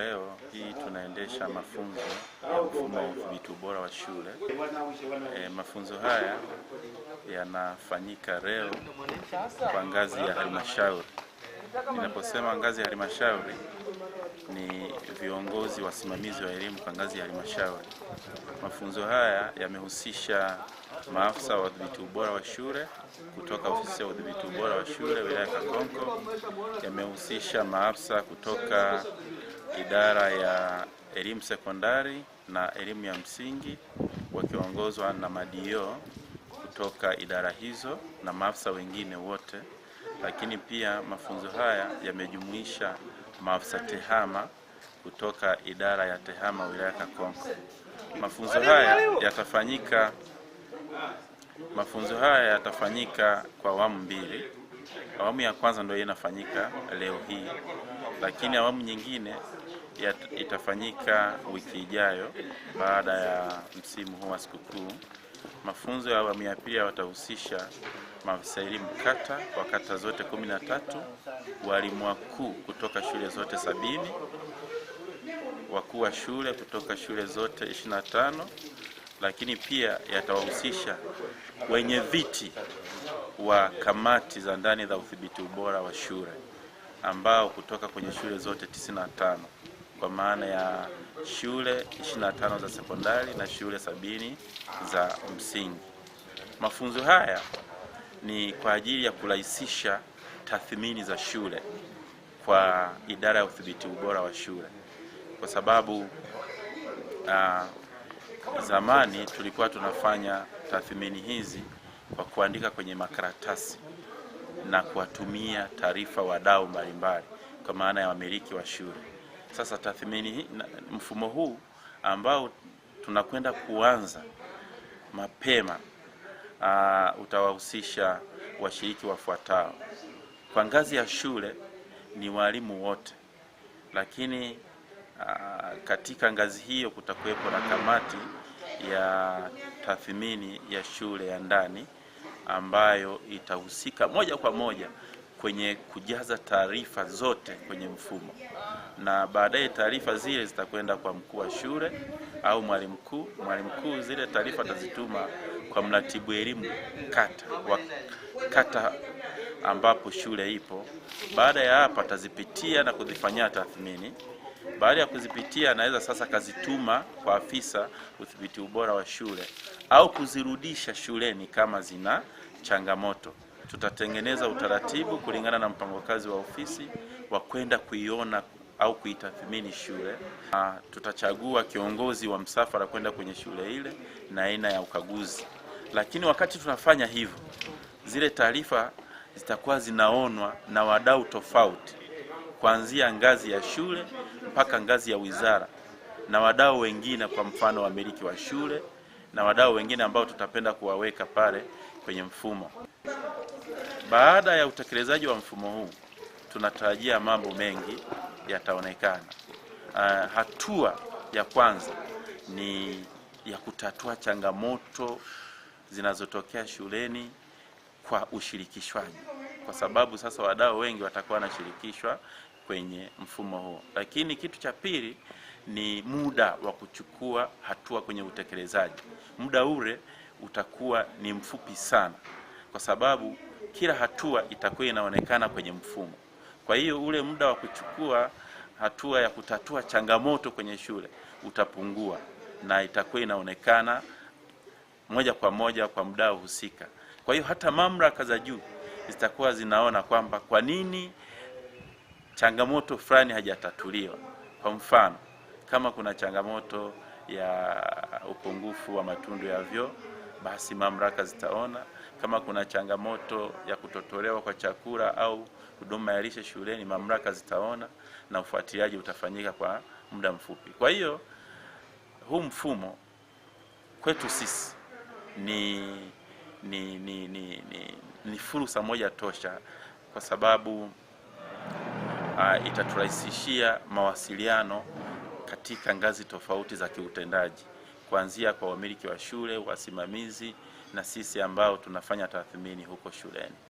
Leo hii tunaendesha mafunzo ya mfumo wa udhibiti ubora wa shule. E, mafunzo haya yanafanyika leo kwa ngazi ya halmashauri. Ninaposema ngazi ya halmashauri ni viongozi wasimamizi wa elimu kwa ngazi ya halmashauri. Mafunzo haya yamehusisha maafisa wa udhibiti ubora wa shule kutoka ofisi ya udhibiti ubora wa shule wilaya ya Kakonko, yamehusisha maafisa kutoka idara ya elimu sekondari na elimu ya msingi wakiongozwa na madio kutoka idara hizo na maafisa wengine wote. Lakini pia mafunzo haya yamejumuisha maafisa tehama kutoka idara ya tehama wilaya Kakonko. Mafunzo haya yatafanyika mafunzo haya yatafanyika kwa awamu mbili. Awamu ya kwanza ndio inafanyika leo hii, lakini awamu nyingine itafanyika wiki ijayo baada ya msimu huu wa sikukuu. Mafunzo ya awamu ya pili watahusisha maafisa elimu kata kwa kata zote kumi na tatu, walimu wakuu kutoka shule zote sabini, wakuu wa shule kutoka shule zote ishirini na tano, lakini pia yatawahusisha wenye viti wa kamati za ndani za udhibiti ubora wa shule ambao kutoka kwenye shule zote 95 kwa maana ya shule 25 za sekondari na shule sabini za msingi. Mafunzo haya ni kwa ajili ya kurahisisha tathmini za shule kwa idara ya udhibiti ubora wa shule, kwa sababu uh, zamani tulikuwa tunafanya tathmini hizi kwa kuandika kwenye makaratasi na kuwatumia taarifa wadau mbalimbali, kwa maana ya wamiliki wa shule. Sasa tathmini, mfumo huu ambao tunakwenda kuanza mapema uh, utawahusisha washiriki wafuatao. Kwa ngazi ya shule ni walimu wote, lakini uh, katika ngazi hiyo kutakuwepo na kamati ya tathmini ya shule ya ndani ambayo itahusika moja kwa moja kwenye kujaza taarifa zote kwenye mfumo, na baadaye taarifa zile zitakwenda kwa mkuu wa shule au mwalimu mkuu. Mwalimu mkuu zile taarifa atazituma kwa mratibu elimu kata wa kata ambapo shule ipo. Baada ya hapa, atazipitia na kuzifanyia tathmini. Baada ya kuzipitia, anaweza sasa kazituma kwa afisa udhibiti ubora wa shule au kuzirudisha shuleni kama zina changamoto tutatengeneza utaratibu kulingana na mpango kazi wa ofisi wa kwenda kuiona au kuitathmini shule na tutachagua kiongozi wa msafara kwenda kwenye shule ile na aina ya ukaguzi. Lakini wakati tunafanya hivyo, zile taarifa zitakuwa zinaonwa na wadau tofauti, kuanzia ngazi ya shule mpaka ngazi ya wizara na wadau wengine, kwa mfano wamiliki wa shule na wadau wengine ambao tutapenda kuwaweka pale kwenye mfumo. Baada ya utekelezaji wa mfumo huu, tunatarajia mambo mengi yataonekana. Uh, hatua ya kwanza ni ya kutatua changamoto zinazotokea shuleni kwa ushirikishwaji, kwa sababu sasa wadau wengi watakuwa wanashirikishwa kwenye mfumo huo. Lakini kitu cha pili ni muda wa kuchukua hatua kwenye utekelezaji, muda ule utakuwa ni mfupi sana, kwa sababu kila hatua itakuwa inaonekana kwenye mfumo. Kwa hiyo ule muda wa kuchukua hatua ya kutatua changamoto kwenye shule utapungua na itakuwa inaonekana moja kwa moja kwa mdau husika. Kwa hiyo hata mamlaka za juu zitakuwa zinaona kwamba kwa nini changamoto fulani hajatatuliwa. Kwa mfano, kama kuna changamoto ya upungufu wa matundu ya vyoo basi mamlaka zitaona kama kuna changamoto ya kutotolewa kwa chakula au huduma ya lishe shuleni, mamlaka zitaona na ufuatiliaji utafanyika kwa muda mfupi. Kwa hiyo huu mfumo kwetu sisi ni, ni, ni, ni, ni, ni fursa moja tosha, kwa sababu uh, itaturahisishia mawasiliano katika ngazi tofauti za kiutendaji kuanzia kwa wamiliki wa shule, wasimamizi na sisi ambao tunafanya tathmini huko shuleni.